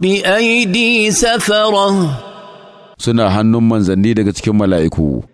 baidisafaro suna hannun manzanni daga cikin malaiku